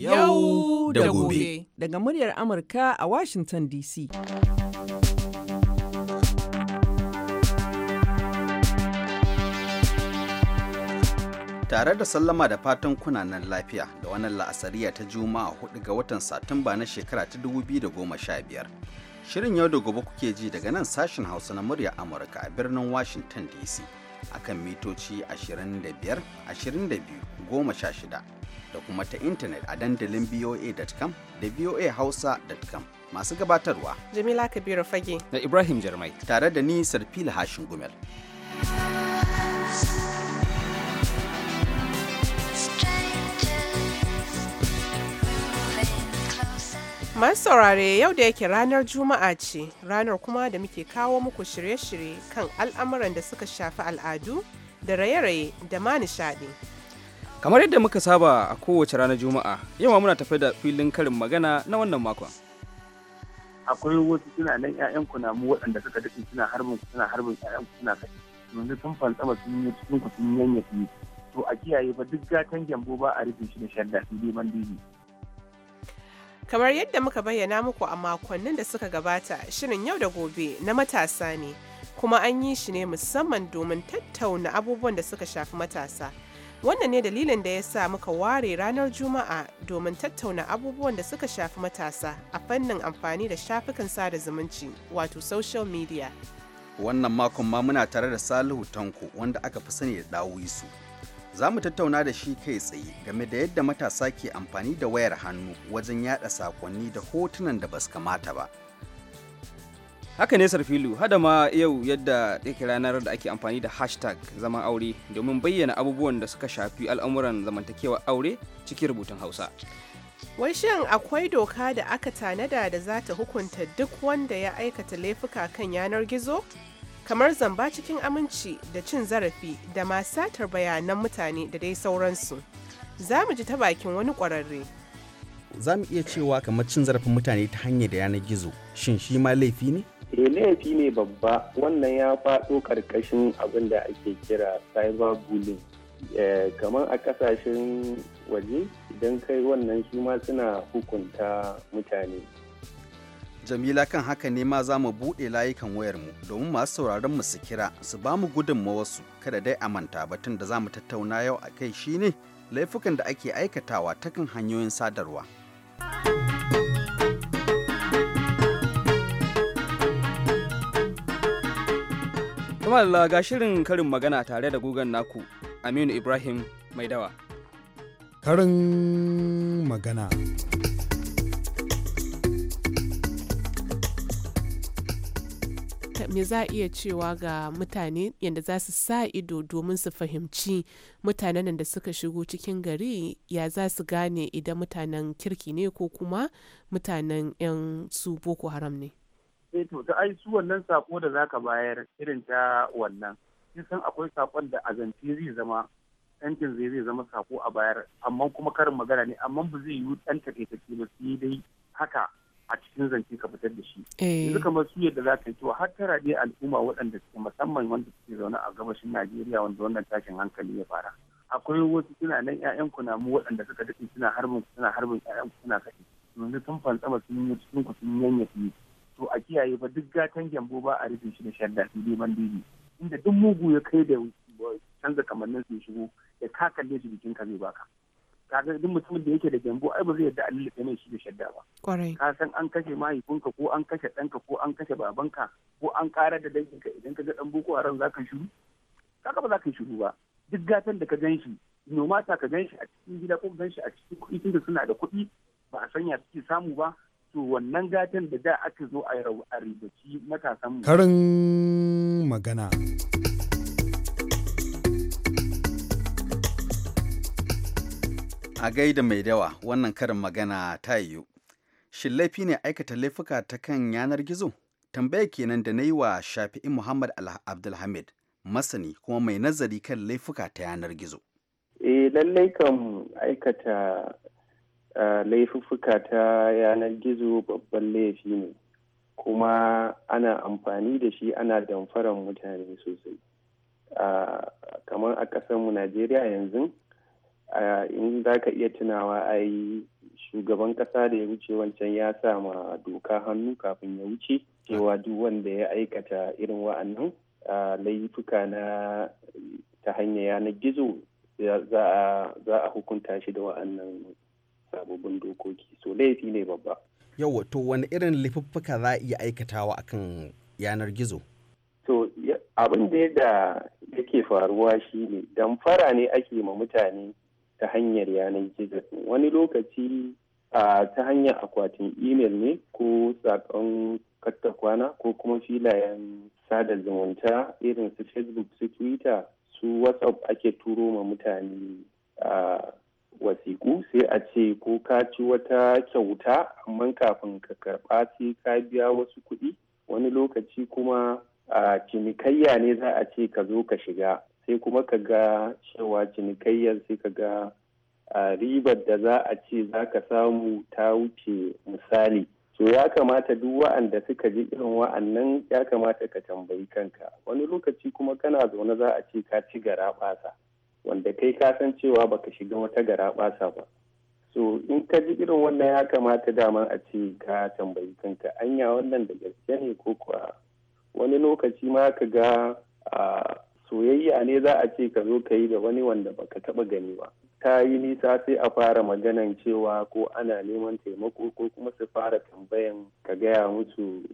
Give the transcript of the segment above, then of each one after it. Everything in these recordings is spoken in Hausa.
yau da gobe daga muryar Amurka a Washington DC. Tare da sallama da fatan kunanan lafiya da wannan la'asariya ta Juma'a hudu ga watan Satumba na shekara ta 2015. Shirin yau da gobe kuke ji daga nan sashen Hausa na murya Amurka a birnin Washington DC. akan mitoci 25 22 16 da kuma ta intanet a dandalin boa.com da voahausa.com masu gabatarwa jamila kabiru fage da ibrahim jarmai tare da ni sarfila hashin gumel Masu saurare yau da yake ranar Juma'a ce, ranar kuma da muke kawo muku shirye-shirye kan al'amuran da suka shafi al'adu da raye-raye da ma nishaɗi. Kamar yadda muka saba a kowace ranar Juma'a, yau muna tafi da filin karin magana na wannan makon. Akwai wasu suna nan 'ya'yan kunamu waɗanda suka dace suna harbin suna harbin ku suna kashe. Yanzu sun fantsama sun yi cikin ku sun yanyafi to a kiyaye ba duk gatan gyambo ba a rufe shi da shadda sai dai bandeji. Kamar yadda muka bayyana muku a makonnin da suka gabata, shirin yau da gobe na matasa ne, kuma an yi shi ne musamman domin tattauna abubuwan da suka shafi matasa. Wannan ne dalilin da ya sa muka ware ranar Juma'a domin tattauna abubuwan da suka shafi matasa a fannin amfani da shafukan sada zumunci, wato social media. Wannan makon ma muna tare da Salihu Tanko wanda aka fi sani da Dawisu. za mu tattauna da shi kai tsaye game da yadda matasa ke amfani da wayar hannu wajen yada sakonni da hotunan da basu kamata ba haka ne sarfilu hada ma yau yadda take ranar da ake amfani da hashtag zaman aure domin bayyana abubuwan da suka shafi al'amuran zamantakewa aure cikin rubutun hausa wai shin akwai doka da aka tanada da za ta hukunta duk wanda ya aikata laifuka kan yanar gizo kamar zamba cikin aminci da cin zarafi da masatar bayanan mutane da dai sauransu za mu ji ta bakin wani kwararre. za mu iya cewa kamar cin zarafin mutane ta hanyar da yanar gizo shin shi ma laifi ne e laifi ne babba wannan ya faɗo ƙarƙashin abin da ake kira cyber bullying eh, kamar a kasashen waje idan kai wannan shi ma suna hukunta mutane Jamila kan haka ne ma za mu buɗe layukan wayarmu domin masu sauraron mu su kira su ba mu gudunmawarsu kada dai a manta batun da za mu tattauna yau a kai shine laifukan da ake aikatawa ta kan hanyoyin sadarwa. da ga shirin karin magana tare da gugan naku Aminu Ibrahim Maidawa. Karin magana. me za a iya cewa ga mutane yadda za su sa ido domin su fahimci mutanen da suka shigo cikin gari ya za su gane idan mutanen kirki ne ko kuma mutanen 'yan su boko haram ne eh to ai su wannan sako da zaka bayar irin ta wannan kin san akwai sakon da azanci zai zama yankin zai zai zama sako a bayar amma kuma karin magana ne amma ba zai yi dan take take ba sai dai haka a cikin zance ka fitar da shi eh. yanzu kamar su yadda za ka yi to har tara dai al'umma waɗanda suke musamman wanda suke zaune a gabashin najeriya wanda wannan tashin hankali ya fara akwai wasu suna nan 'ya'yan namu waɗanda suka daɗe suna harbin suna harbin 'ya'yan suna kashe yanzu sun fantsama sun yi cikin ku sun su to a kiyaye ba duk gatan gyambo ba a rufe shi da shadda su neman bandeji inda duk mugu ya kai da canza kamannin su shigo ya kakalle kalle shi bikin ka zai baka kaga duk mutumin da yake da gyambo ai ba zai yarda a lulluɓe mai shi da shadda ba kwarai ka san an kashe mahaifinka ko an kashe ɗanka ko an kashe babanka ko an kara da danginka idan ka ga dan boko haram zaka shiru kaga ba zaka shiru ba duk gatan da ka ganshi shi nomata ka ganshi a cikin gida ko gan shi a cikin kuɗi tunda suna da kuɗi ba a sanya suke samu ba to wannan gatan da da aka zo a ribaci matasan mu karin magana a gaida mai dawa wannan karin magana ta yiwu shin laifi ne aikata laifuka ta kan yanar gizo tambaya kenan da na yi wa shafi'in muhammad abdulhamid masani kuma mai nazari kan laifuka ta yanar gizo e lallai kan aikata eh, laifuka ta yanar gizo babban laifi ne kuma ana amfani da shi ana damfaran mutane sosai ah, kamar a ƙasarmu najeriya yanzu in za ka iya tunawa ai shugaban kasa da ya wuce wancan ya sa ma doka hannu kafin ya wuce cewa duk wanda ya aikata irin wa'annan laifuka na ta hanyar yanar gizo za a hukunta shi da wa'annan sababbin dokoki so laifi ne babba yau to wani irin laifuffuka za a iya aikatawa akan yanar gizo to abin da yake faruwa shine damfara ne ake ma mutane ta hanyar yanar gizo wani lokaci a ta hanyar akwatin imel ne ko saƙon katta kwana ko kuma filayen sada zumunta irin su facebook su twitter su whatsapp ake turo ma mutane a wasiku sai a ce ko ka ci wata kyauta amma kafin ka karɓa sai ka biya wasu kuɗi wani lokaci kuma a cinikayya ne za a ce ka zo ka shiga sai kuma ka ga cewa cinikayyar sai ka ga ribar da za a ce za ka samu ta wuce misali so ya kamata duk wa'anda suka ji irin wa'annan ya kamata ka tambayi kanka wani lokaci kuma kana zaune za a ce ka ci garaɓasa wanda kai ka san cewa baka shiga wata gara ba so in ka ji irin wannan ya kamata daman a ce ka tambayi kanka anya wannan da gaske ne ko kuwa wani lokaci ma ka ga soyayya ne za a ce ka zo ka yi da wani wanda baka taba gani ba ta yi nisa sai a fara maganan cewa ko ana neman taimako ko kuma su fara tambayan ka gaya musu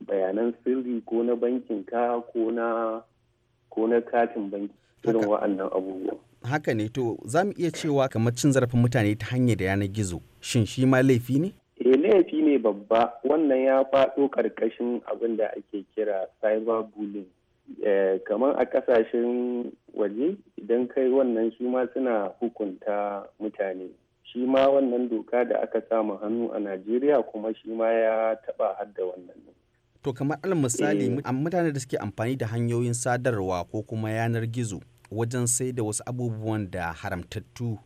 bayanan sirri ko na bankin ka ko na katin banki irin wa'annan abubuwa. haka ne to za mu iya cewa kamar cin zarafin mutane ta hanyar da yanar gizo shin shi ma laifi ne eh laifi ne babba wannan ya faɗo ƙarƙashin abin da ake kira cyber bullying Eh, kamar a kasashen waje idan kai wannan shi ma suna hukunta mutane shi ma wannan doka da aka samu hannu a najeriya kuma shi ma ya taba hadda wannan to kamar alal misali eh. mutane da suke amfani da hanyoyin sadarwa ko kuma yanar gizo wajen sai da wasu abubuwan da haramtattu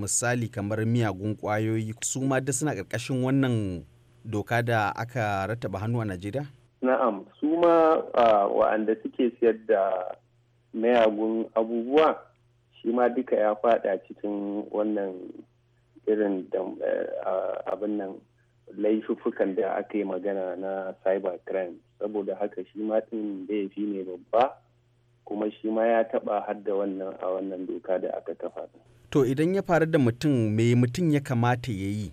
misali kamar miyagun kwayoyi su ma duk suna ƙarƙashin wannan doka da aka rattaba hannu a najeriya na'am kuma wa'anda suke siyar da mayagun abubuwa shi ma duka ya fada cikin wannan irin eh, abin nan laifuffukan da aka yi magana na cyber crime saboda haka shi ma ɗin laifi ne babba kuma shi ma ya taɓa hadda wannan a wannan doka da aka kafa. To idan ya faru da mutum me mutum ya kamata ya yi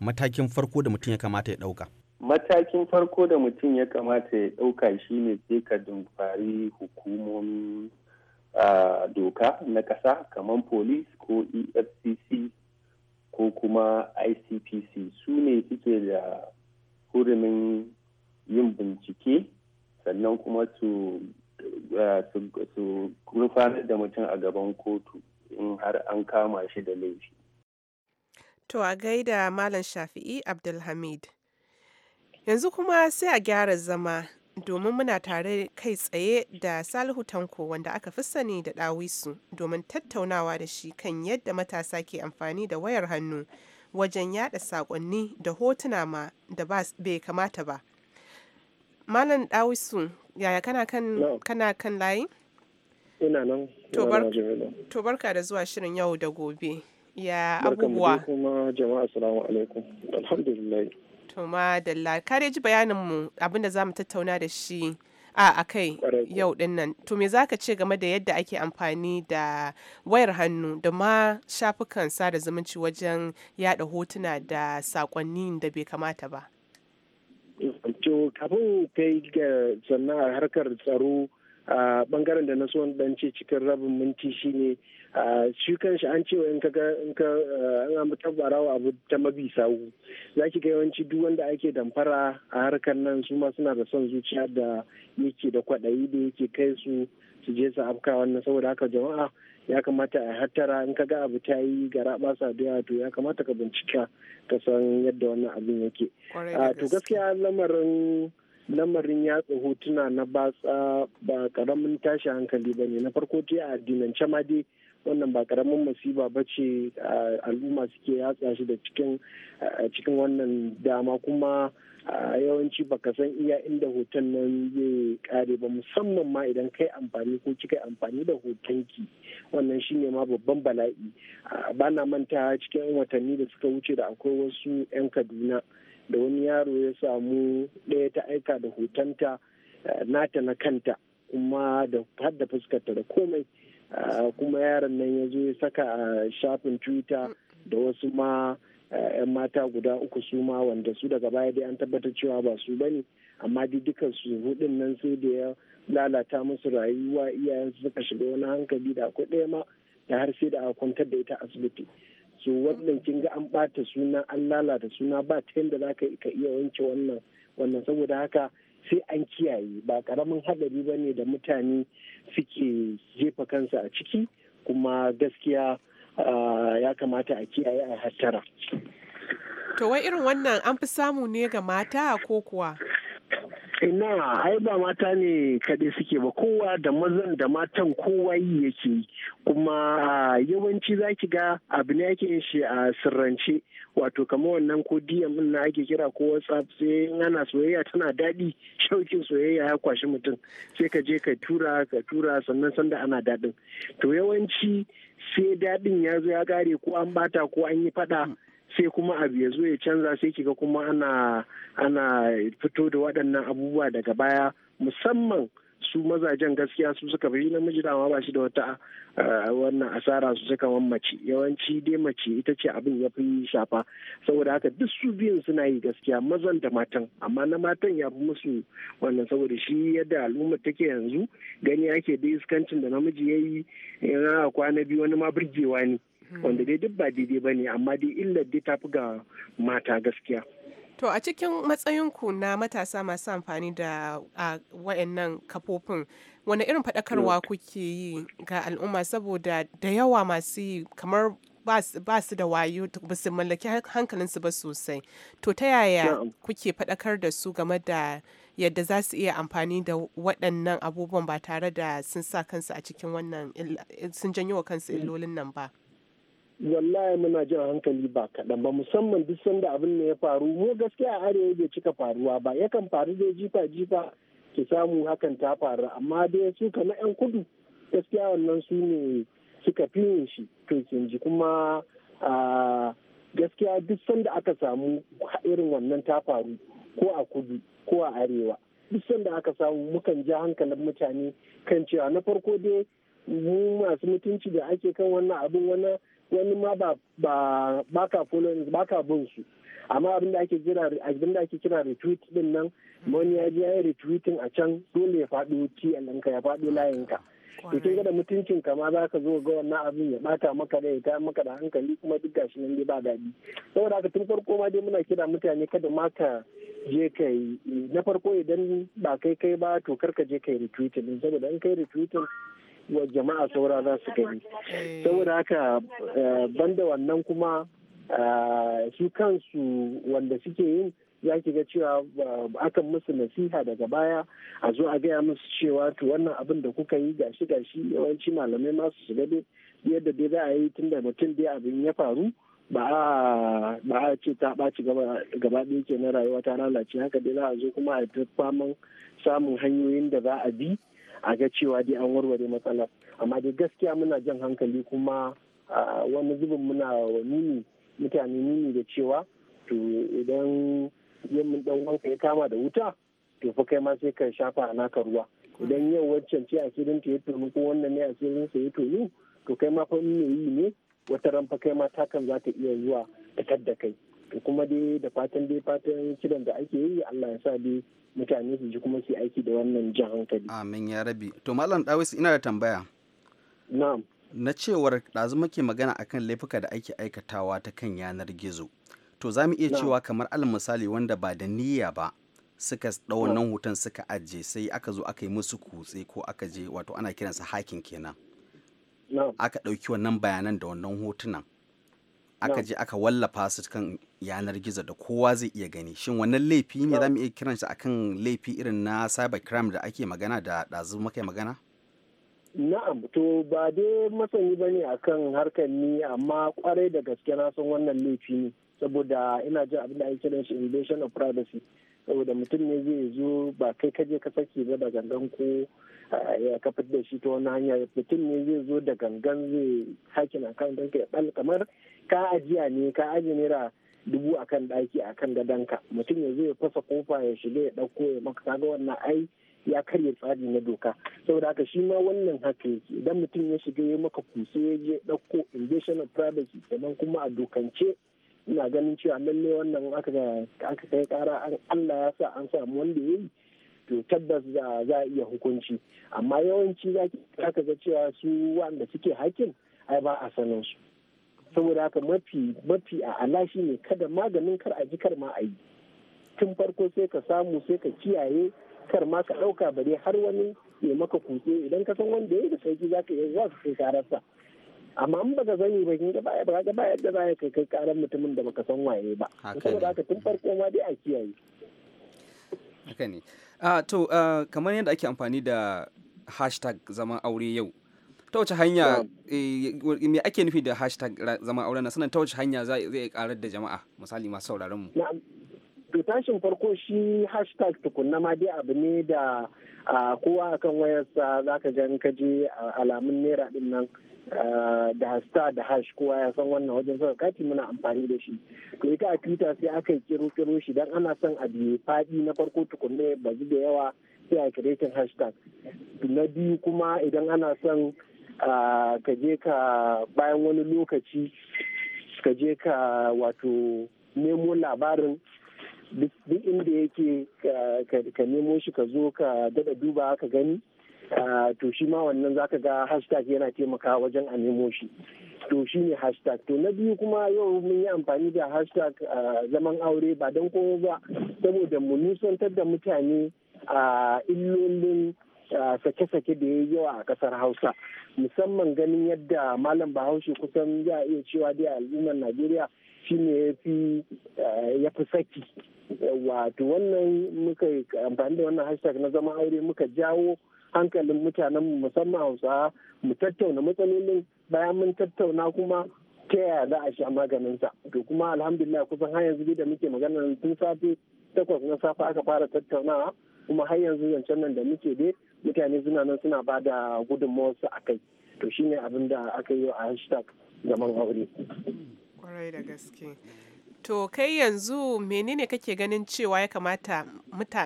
matakin farko da mutum ya kamata ya ɗauka? matakin farko da mutum ya kamata ya ɗauka ne sai ka dumfari hukumomin doka na ƙasa kamar police ko efcc ko kuma icpc su ne suke da hurumin yin bincike sannan kuma su rufar da mutum a gaban kotu in har an kama shi da laifi. To a gaida Malam Shafi'i Abdulhamid. Yanzu kuma sai a gyara zama domin muna tare kai tsaye da Salihu Tanko wanda aka fi sani da Ɗawisu domin tattaunawa da shi kan yadda matasa ke amfani da wayar hannu wajen yada sakonni da hotuna ma da bai kamata ba. Malam Ɗawisu yaya kana kan kana kan layi? Ina nan. To barka da zuwa shirin yau da gobe. Ya abubuwa. Barkan kuma jama'a assalamu alaikum. Alhamdulillah. To madalla, kare ji bayaninmu abinda za mu tattauna da shi a kai yau din nan. To me za ka ce game da yadda ake amfani da wayar hannu da ma shafukan sada zumunci wajen yada hotuna da sakonni da bai kamata ba? To kafin kai ga sannan harkar tsaro bangaren da na so dan ce cikin rabin minti shine shi kanshi an cewa in ka an wa abu ta mabi sawu zaki ga yawanci duk wanda ake damfara a harkar nan su ma suna da son zuciya da yake da kwaɗayi da yake kai su su je su afka wannan saboda haka jama'a ya kamata a hattara in ka ga abu ta yi gara basa da to ya kamata ka bincika ka san yadda wannan abin yake to gaskiya lamarin lamarin yatsa hotuna na batsa ba karamin tashi hankali ba ne na farko dai a addinance ma dai wannan ba karamin masiba ba ce al'umma suke yatsa shi da cikin wannan dama kuma yawanci baka san iya inda hoton nan zai kare ba musamman ma idan kai amfani ko kika amfani da hotonki wannan shine ma babban bala'i ba na manta cikin watanni da suka wuce da akwai wasu 'yan kaduna da wani yaro ya samu ɗaya ta aika da hotonta eh, nata na kanta kuma da har da fuskarta da komai ah, kuma yaron nan ya zo ya saka a shafin twitter da wasu ma 'yan eh, mata guda uku su ma wanda su daga baya dai an tabbatar cewa ba su ba bane amma dai dukan su hudun nan sai da ya lalata musu rayuwa iyayen suka shiga wani hankali da akwai ɗaya ma da har sai da a kwantar da ita asibiti so wannan kin ga an ɓata suna an lalata suna ba ta yadda za ka iya wanke wannan wannan saboda haka sai an kiyaye ba karamin haɗari ba ne da mutane suke jefa kansa a ciki kuma gaskiya ah, ya kamata a kiyaye a hattara. To wai irin wannan an fi samu ne ga mata ko kuwa? ina ai ba mata ne kaɗai suke ba kowa da mazan da matan kowa yi yake kuma yawanci za ki ga abu ne ake shi a sirrance wato kamar wannan ko dm na ake kira ko whatsapp sai ana soyayya tana daɗi shaukin soyayya ya kwashi mutum sai ka je ka tura ka tura sannan sanda ana daɗin to yawanci sai daɗin ya zo ya gare ko an bata ko an yi fada sai kuma abu ya zo ya canza sai kiga kuma ana ana fito da waɗannan abubuwa daga baya musamman su mazajen gaskiya su suka fi namiji dama ba shi da wata eh, wannan asara su suka wan mace yawanci dai mace ita ce abin ya fi shafa saboda haka duk su biyun suna yi gaskiya mazan da matan amma na matan ya fi musu wannan saboda shi yadda al'umma take yanzu gani ake da iskancin da namiji ya yi yana kwana biyu wani ma birgewa ne Mm. wanda dai duk ba daidai ba ne amma dai illar dai ta fi ga mata gaskiya to a cikin matsayinku na matasa masu amfani da wayannan kafofin wani irin faɗakarwa kuke yi ga al'umma saboda da yawa masu yi kamar ba su da wayo ba su mallaki hankalinsu ba sosai to ta yaya kuke faɗakar da su game da yadda za su iya amfani da waɗannan abubuwan ba tare da sun sa kansu a cikin wannan sun janyo wa kansu illolin nan ba wallahi muna jin hankali ba kaɗan ba musamman duk sanda abin da ya faru mu gaskiya arewa bai cika faruwa ba yakan faru dai jifa jifa ki samu hakan ta faru amma dai su na yan kudu gaskiya wannan su ne suka fi yin shi to kin kuma gaskiya duk sanda aka samu irin wannan ta faru ko a kudu ko a arewa duk sanda aka samu mukan ja hankalin mutane kan cewa na farko dai mu masu mutunci da ake kan wannan abin wannan wani ma ba ba ka following ba ka bin su amma abin da ake jira abin ake kira retweet din nan wani ya ji yayi retweeting a can dole ya faɗo TL ka ya faɗo layin ka to kin ga da mutuncin ka ma za ka zo ga wannan abin ya bata maka da ya maka da hankali kuma duk gashi nan dai ba daɗi saboda haka tun farko ma dai muna kira mutane kada ma ka je kai na farko idan ba kai kai ba to kar ka je ka yi retweeting saboda in kai retweeting wa jama'a saura za su gani eh. saboda haka eh, banda wannan kuma eh, su kansu wanda suke yin ya ki ga cewa akan musu nasiha daga baya a zo a gaya musu cewa to wannan abin da kuka yi gashi gashi yawanci malamai masu shiga dai yadda dai za a yi tunda mutum dai abin ya faru ba a ce ta ɓaci gaba ɗaya ke na rayuwa ta lalace haka dai za a zo kuma a ta faman samun hanyoyin da za a bi a ga cewa dai an warware matsalar amma dai gaskiya muna jan hankali kuma wani zubin muna wa nini mutane nini da cewa to idan mun dan wanka ya kama da wuta to fa kai ma sai ka shafa naka ruwa idan yau wancan ce asirin ta ya tonu ko wannan ne asirin sa ya tonu to kai ma fa ne yi ne wata ran fa kai ma takan za ta iya zuwa ta da kai kuma dai da fatan dai fatan kiran da ake yi Allah ya sa dai mutane su ji kuma su aiki da wannan jan hankali amin ya rabi to malam dawis ina da tambaya na'am na cewar ɗazu muke magana akan laifuka da ake aikatawa ta kan yanar gizo to za mu iya cewa kamar alal misali wanda ba da niyya ba suka ɗau wannan hoton suka aje sai aka zo aka yi musu kutse ko aka je wato ana kiransa hakin kenan aka ɗauki wannan bayanan da wannan hotunan aka je aka wallafa su kan yanar gizo da kowa zai iya gani shin wannan laifi ne za mu iya kiran shi akan laifi irin na cyber crime da ake magana da ɗazu muka magana na'am to ba dai masani bane akan harkar ni amma kwarai da gaske na san wannan laifi ne saboda ina jin abin da ake kiran shi invasion of privacy saboda mutum ne zai zo ba kai kaje ka saki ba da gangan ko ya kafa da shi ta wani hanya mutum ne zai zo da gangan zai hakin akan danka ya ɓal kamar ka ajiya ne ka ajiye naira dubu a kan ɗaki akan gadonka mutum ya zo ya fasa kofa ya shiga ya ɗauko ya maka kaga wannan ai ya karya tsari na doka saboda haka shi ma wannan haka yake idan mutum ya shiga ya maka kusa ya je ɗauko invasion of privacy sannan kuma a dokance ina ganin cewa lalle wannan aka kai kara an allah ya sa an samu wanda ya yi to tabbas za a iya hukunci amma yawanci za ka ga cewa su wanda suke hakin ai ba a sanin su saboda haka mafi mafi a alashi ne kada maganin kar a ji kar ma a yi tun farko sai ka samu sai ka kiyaye kar ma ka ɗauka bare har wani ya maka kutse idan ka san wanda ya yi da sauki za ka iya za su kai kararsa amma in baka sani ba kin gaba ba ba yadda za ka kai karar mutumin da baka san waye ba saboda haka tun farko ma dai a kiyaye haka ne to kamar yadda ake amfani da hashtag zaman aure yau ta wace hanya eh, me ake nufi da hashtag zaman aure na sanan ta wace hanya zai karar da jama'a misali masu sauraron mu to tashin farko shi hashtag tukunna ma dai abu ne da kowa akan wayarsa zaka jan kaje alamun naira din nan Eh, da hasta da hash kowa ya san wannan wajen saka kati muna amfani da shi to ita a twitter sai aka yi kiro kiro shi dan ana son a biye faɗi na farko tukunne ba da yawa sai a kiretin hashtag na biyu kuma idan ana son eh, ka je ka bayan wani lokaci ka je ka wato nemo labarin duk inda yake eh, ka nemo shi ka zo ka daɗa duba ka gani Ah, to shi ma wannan zaka ga hashtag yana taimakawa wajen a nemo shi to shi ne hashtag to na biyu kuma yau mun yi amfani da hashtag ah, zaman aure ba don kowa ba saboda mu nisantar da mutane a illolin ah, sake-sake da ya yawa a kasar hausa musamman ganin yadda malam bahaushe kusan ya iya cewa dai al'ummar najeriya shine ya fi eh, ya fi saki wato wannan muka amfani da wannan hashtag na zama aure muka jawo hankalin mutanen musamman hausawa mu tattauna matsalolin bayan mun tattauna kuma ta yaya za a sha sa to kuma alhamdulillah kusan har yanzu da muke magana tun safe takwas na safe aka fara tattaunawa kuma har yanzu zancen nan da muke dai mutane suna nan suna ba da gudunmawarsu a kai to shine abin da aka yi a hashtag zaman aure kwarai da gaske To kai yanzu menene kake ganin cewa ya kamata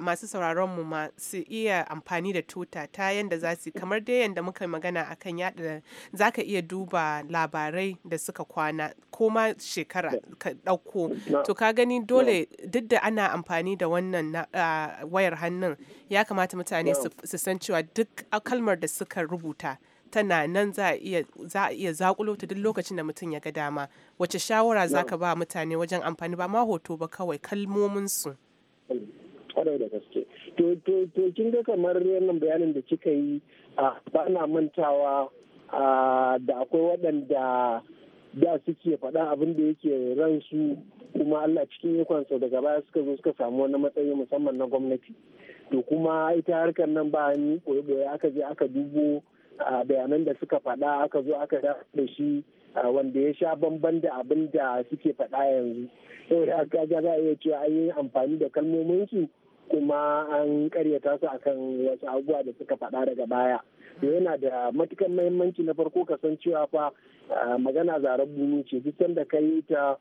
masu sauraron mu su iya amfani da tuta ta yanda za su kamar dai yanda muka magana akan yada za ka iya duba labarai da suka kwana ko ma shekara ka ɗauko. To ka gani dole duk da ana amfani da wannan wayar hannun ya kamata mutane su san cewa duk kalmar da suka rubuta. tana nan za a iya zakulo ta duk lokacin da mutum ya ga dama wace shawara za ka ba mutane wajen amfani ba ma hoto ba kawai kalmominsu kwarai da gaske to kin ga kamar wannan bayanin da kika yi ba na mantawa da akwai waɗanda da suke faɗa abin da yake ransu kuma Allah cikin ikonsa daga baya suka zo suka samu wani matsayi musamman na gwamnati to kuma ita harkar nan ba ni koyo aka je aka dubo a bayanan da suka faɗa aka zo aka da shi wanda ya sha bamban da abin da suke faɗa yanzu saboda aka ga za a iya cewa an yi amfani da kalmomin kalmominsu kuma an karyata su akan wasu abubuwa da suka faɗa daga baya yana da matukan mahimmanci na farko kasancewa fa magana zarar bunu ce duk da ka yi ta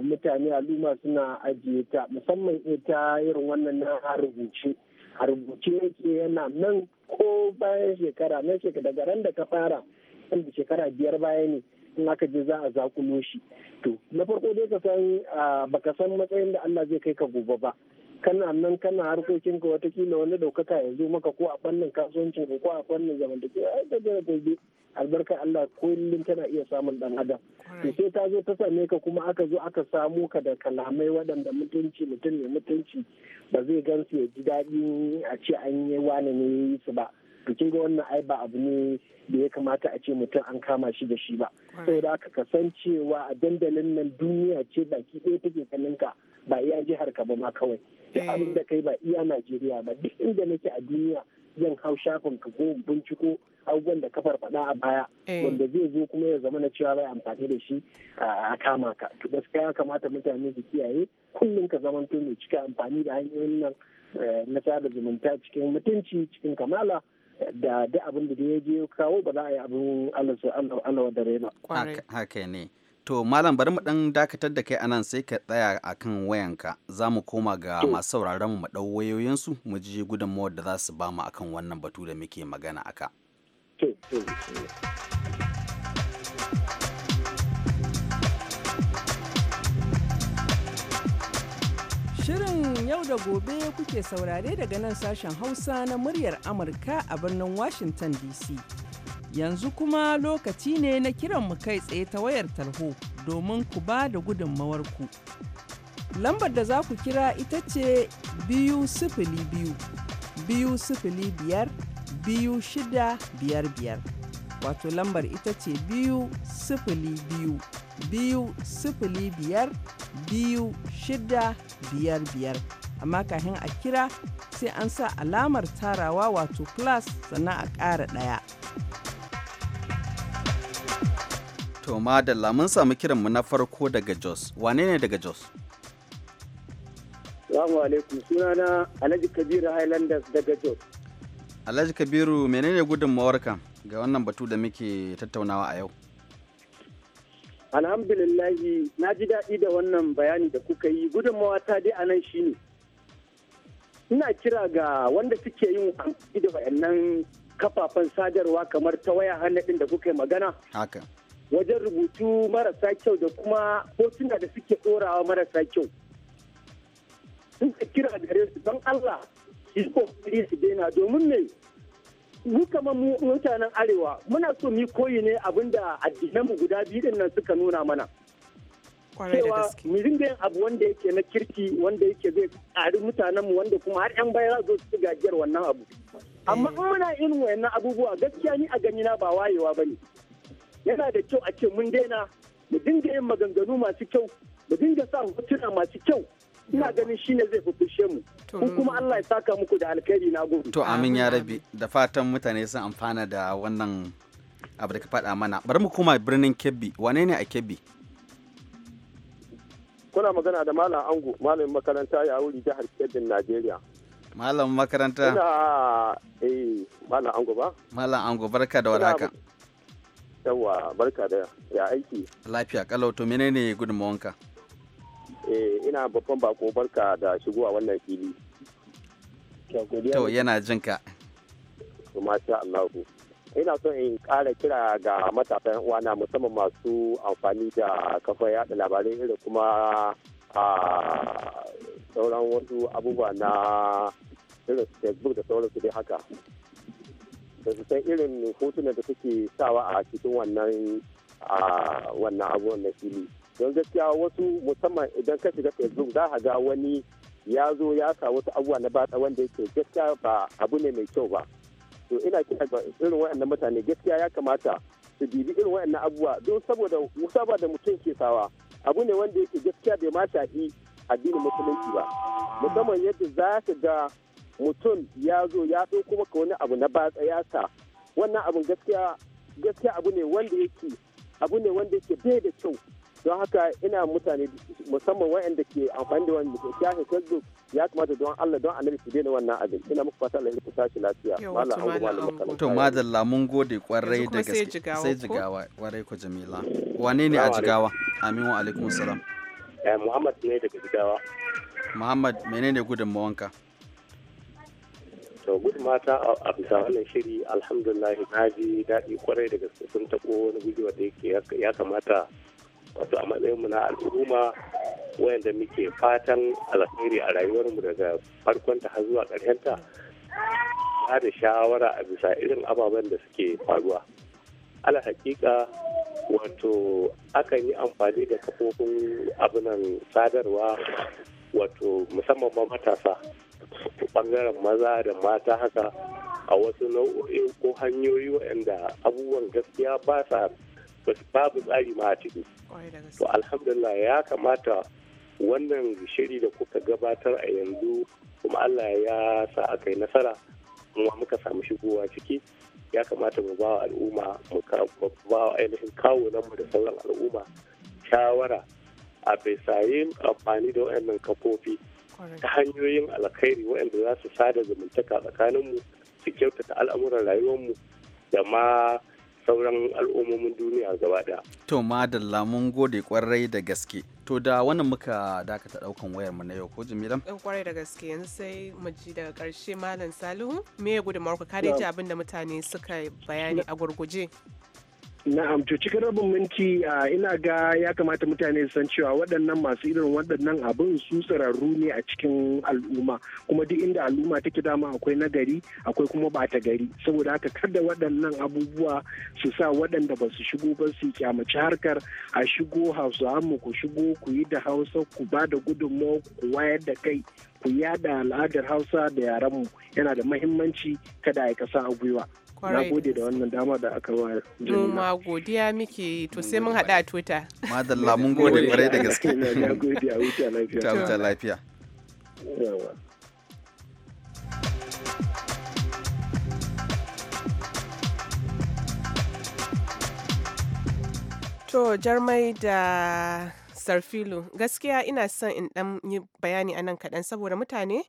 mutane al'umma suna ajiye ta musamman ita irin wannan na rubuce a rubuce yake yana nan ko bayan shekara nan shekara daga ran da ka fara da shekara biyar baya ne in aka je za a zakulo shi to na farko dai ka san ah, baka san matsayin da Allah zai kai ka gobe ba kana nan kana harkokin ka watakila wani daukaka ya zo maka ko a fannin kasuwancin ko a fannin zamantakewa ai daga gobe albarkar Allah kullum tana iya samun dan adam to sai ta zo ta same ka kuma aka zo aka samu ka da kalamai waɗanda mutunci mutum ne mutunci ba zai gansu ya ji daɗi a ce an yi wani ne su ba to kin ga wannan ai ba abu ne da ya kamata a ce mutum an kama shi da shi ba saboda aka kasancewa a dandalin nan duniya ce baki ɗaya take kaninka ba iya jihar ka ba ma kawai duk abin eh. da kai ba iya najeriya ba duk inda nake a duniya zan hau shafin ka ko binciko abubuwan da kafar faɗa a baya eh. wanda zai zo kuma ya zama na cewa bai amfani da shi a kama ka to gaskiya ya kamata mutane su kiyaye kullum ka zamanto mai cika amfani da hanyoyin nan eh, na sada zumunta cikin mutunci cikin kamala da duk abin da ya je kawo ba za a yi abin Allah da rena. Haka ne. To Malam bari mu ɗan dakatar da kai a nan sai ka tsaya a kan wayanka za mu koma ga masu sauraron mu ɗau wayoyinsu mu ji gudunmawar da za su ba mu akan wannan batu da muke magana aka. Shirin yau da gobe kuke saurare daga nan sashen Hausa na muryar Amurka a birnin Washington DC. Yanzu kuma lokaci ne na kiran mu kai tsaye ta wayar tarho domin ku ba da ku Lambar da za ku kira ita ce biyu sifili biyu, biyu sifili biyar, biyu shida biyar biyar. Wato lambar ita ce biyu sifili biyu, biyu sifili biyar, biyu shida biyar biyar. Amma kafin a kira sai an sa alamar tarawa wato plus sannan a ƙara ɗaya. To madalla mun samu kiranmu na farko daga Jos. Wane ne daga Jos? Salamu alaikum sunana Alhaji Kabiru Highlanders daga Jos. Alhaji Kabiru menene ka ga wannan batu da muke tattaunawa a yau? Alhamdulillahi na ji daɗi da wannan bayani da kuka yi gudunmawa ta dai a nan shine. Ina kira ga wanda suke yin amfani da wayannan kafafen sadarwa kamar ta waya hannu da kuka yi magana. Haka. wajen rubutu marasa kyau da kuma hotuna da suke ɗorawa marasa kyau sun ka kira gare su don Allah su yi kokari su daina domin me mu kamar mu mutanen arewa muna so mu koyi ne abinda addinan mu guda biyu din nan suka nuna mana cewa mu dinga yin abu wanda yake na kirki wanda yake zai ƙari mutanen mu wanda kuma har yan baya zo su ci gajiyar wannan abu amma in muna irin wayannan abubuwa gaskiya ni a gani na ba wayewa bane yana da kyau a ce mun daina mu dinga yin maganganu masu kyau mu dinga sa hotuna masu kyau ina ganin shine zai fushe mu ko kuma mm. Allah ya saka muku da alkhairi na gobe to amin ya rabi da fatan mutane sun amfana da wannan abu da ka faɗa mana bari mu koma birnin Kebbi wane ne a Kebbi kuna magana da malam ango malamin makaranta ya wuri jihar kebbi Najeriya malam makaranta ina eh malam ango ba malam ango barka da warhaka yawa barka da ya aiki lafiya kalau to menene gudunmawanka eh ina babban bako barka da shigowa wannan fili to yana jinka masha Allah ina so in kara kira ga matasan na musamman masu amfani da kafa yada labarai irin kuma a sauran wasu abubuwa na irin facebook da sauransu dai haka ba su san irin hotunan da suke sawa a cikin wannan wannan abubuwan na fili don gaskiya wasu musamman idan ka shiga facebook za a ga wani ya zo ya sa wasu abubuwa na batsa wanda yake gaskiya ba abu ne mai kyau ba to ina kira ga irin waɗannan mutane gaskiya ya kamata su bibi irin waɗannan abubuwa don saboda musaba da mutum ke sawa abu ne wanda yake gaskiya bai ma shafi addinin musulunci ba musamman yadda za ka ga mutum ya zo ya kuma ka wani abu na batsa ya sa wannan abun gaskiya gaskiya abu ne wanda yake abu ne wanda yake bai da kyau don haka ina mutane musamman waɗanda ke amfani da wani shafin facebook ya kamata don Allah don annabi su daina wannan abin ina muku fata Allah ya ku tashi lafiya mala hawo mala makalanta to madalla mun gode kwarai da gaske sai jigawa kwarai ku jamila wane ne a jigawa amin wa alaikum salam eh muhammad ne daga jigawa muhammad menene mawanka sau gudu mata a bisa wannan shiri alhamdulillah na ji daɗi kwarai da gaske sun taɓo wani gujewa wanda yake ya kamata wato a matsayinmu na al'umma wayanda muke fatan alheri a rayuwarmu daga farkonta har zuwa ƙarshenta ba da shawara a bisa irin ababen da suke faruwa ala hakika wato akan yi amfani da kafofin abunan sadarwa wato musamman ma matasa bangaren maza da mata haka a wasu nau'o'in ko hanyoyi waɗanda abubuwan gaskiya ba sa babu tsari ma a ciki to alhamdulillah ya kamata wannan shiri da kuka gabatar a yanzu kuma allah ya sa aka yi nasara kuma muka samu shigowa ciki ya kamata mu ba wa al'umma mu ba wa ainihin kawo mu da sauran al'umma shawara a bisa yin amfani da waɗannan kafofi ta hanyoyin alkhairi waɗanda za su sada zamantaka tsakaninmu su kyautata al'amuran rayuwarmu da ma sauran al'ummomin duniya gaba daya. To madalla mun gode kwarai da gaske. To da wannan muka dakata daukan wayar mu na yau ko ɗan Kwarai eh, da gaske yanzu sai mu ji daga karshe Malam Salihu me gudumar ku ka kada abin da mutane suka bayani a gurguje. Na'am to cikin rabin minti ina ga ya kamata mutane san cewa waɗannan masu irin waɗannan abin su tsirarru ne a cikin al'umma kuma duk inda al'umma take dama akwai nagari akwai kuma bata gari saboda haka kada waɗannan abubuwa su sa waɗanda ba su shigo ba su kyamaci harkar a shigo hausa mu ku shigo ku yi da hausa ku ba da gudunmawa ku wayar da kai ku yada al'adar hausa da yaranmu yana da mahimmanci kada a kasa a gwiwa. na gode da wannan dama da aka wayar ma godiya miki to sai mun haɗa tuta madalla mun gode kwarai da gaske na gode a wuta lafiya ta wuta lafiya To jarmai da sarfilu gaskiya ina son in dan yi bayani anan kaɗan saboda mutane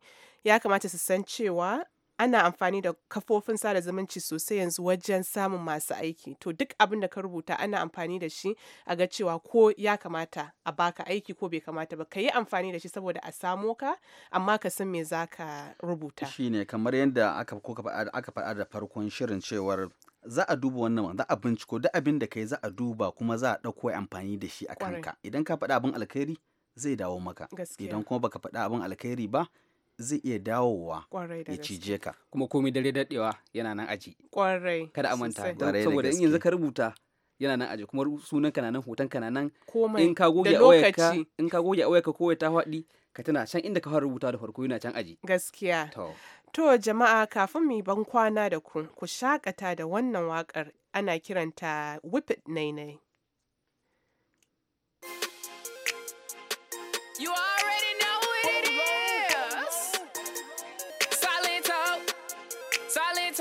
ya kamata su san cewa ana amfani da kafofin sada zumunci sosai yanzu wajen samun masu aiki to duk abin da ka rubuta ana amfani da shi a ga cewa ko ya kamata a baka aiki ko bai kamata ba ka yi amfani da shi saboda a samo ka amma ka san me za ka rubuta shine kamar yadda aka faɗa da farkon shirin cewar za a duba wannan za a binciko duk abin da kai za a duba kuma za a ɗauko amfani da shi a kanka idan ka faɗa abin alkhairi zai dawo maka idan kuma baka faɗa abin alkhairi ba zai iya dawowa ya cije ka kuma komai dare daɗewa yana nan aji kwarai kada a manta saboda in yanzu ka rubuta yana nan aji kuma sunan na nan hoton na nan in ka goge a wayarka in ka goge a ko ta faɗi ka tana can inda ka fara rubuta da farko yana can aji gaskiya to jama'a kafin mu ban kwana da ku ku shakata da wannan wakar ana kiranta whip it nainai you are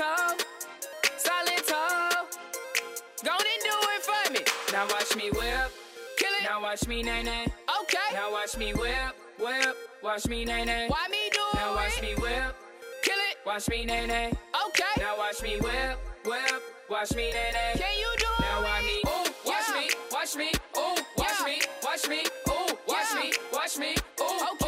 toe, solid toe. Gonna do it for me. Now watch me whip, kill it. Now watch me nay nay. Okay. Now watch me whip, whip. Watch me nay nay. Why me do it? Now watch me whip, kill it. Watch me nay nay. Okay. Now watch me whip, whip. Watch me nay nay. Can you do now it? Now I need. Ooh, watch yeah. me, watch me. Ooh, watch yeah. me, watch me. Ooh, watch yeah. me, watch me. Ooh, okay.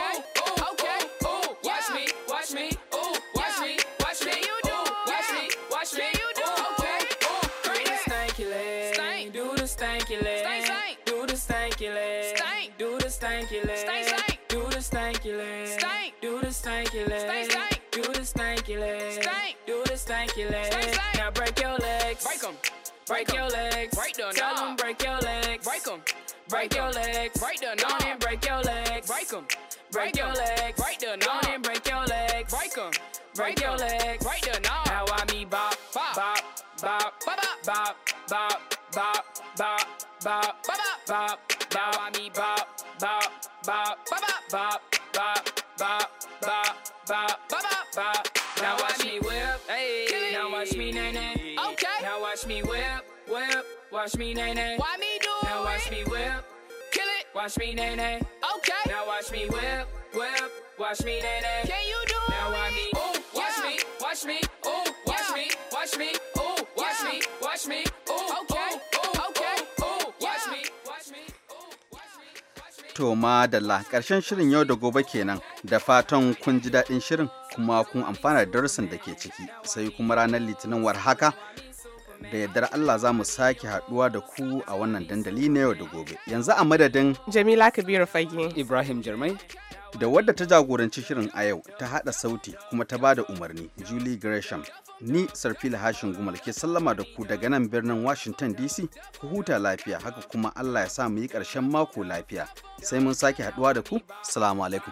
stanky leg. Stank, stank. Do the stanky leg. Stank. Do the stanky leg. Stank, stank. Now break your legs. Break them. Break, break your legs. Break them. Tell them break your legs. Break them. Break, break your legs. Break them. Go on break your legs. Break them. Break, break your legs. Break them. watch me nay nay. Why me do now it? Now watch me whip. Kill it. Watch me nay nay. Okay. Now watch me whip, whip. Watch me nay nay. Can you do now it? Now watch me. Ooh, watch yeah. me, watch me. Ooh, watch yeah. me, watch me. Ooh, watch yeah. me, watch me. Ooh, okay. Ooh, okay. Ooh, ooh, ƙarshen shirin yau da gobe kenan da fatan kun ji daɗin shirin kuma kun amfana da darasin da ke ciki sai kuma ranar litinin war haka da yardar Allah za mu sake haduwa da ku a wannan dandali na yau da gobe. Yanzu a madadin Jamila Kabiru Fage. Ibrahim Jarmai. Da wadda ta jagoranci shirin a yau ta hada sauti kuma ta bada umarni Julie Gresham. Ni Sarfila Hashin Gumal ke sallama da ku daga nan birnin Washington DC ku huta lafiya haka kuma Allah ya sa mu yi ƙarshen mako lafiya. Sai mun sake haduwa da ku. Salamu alaikum.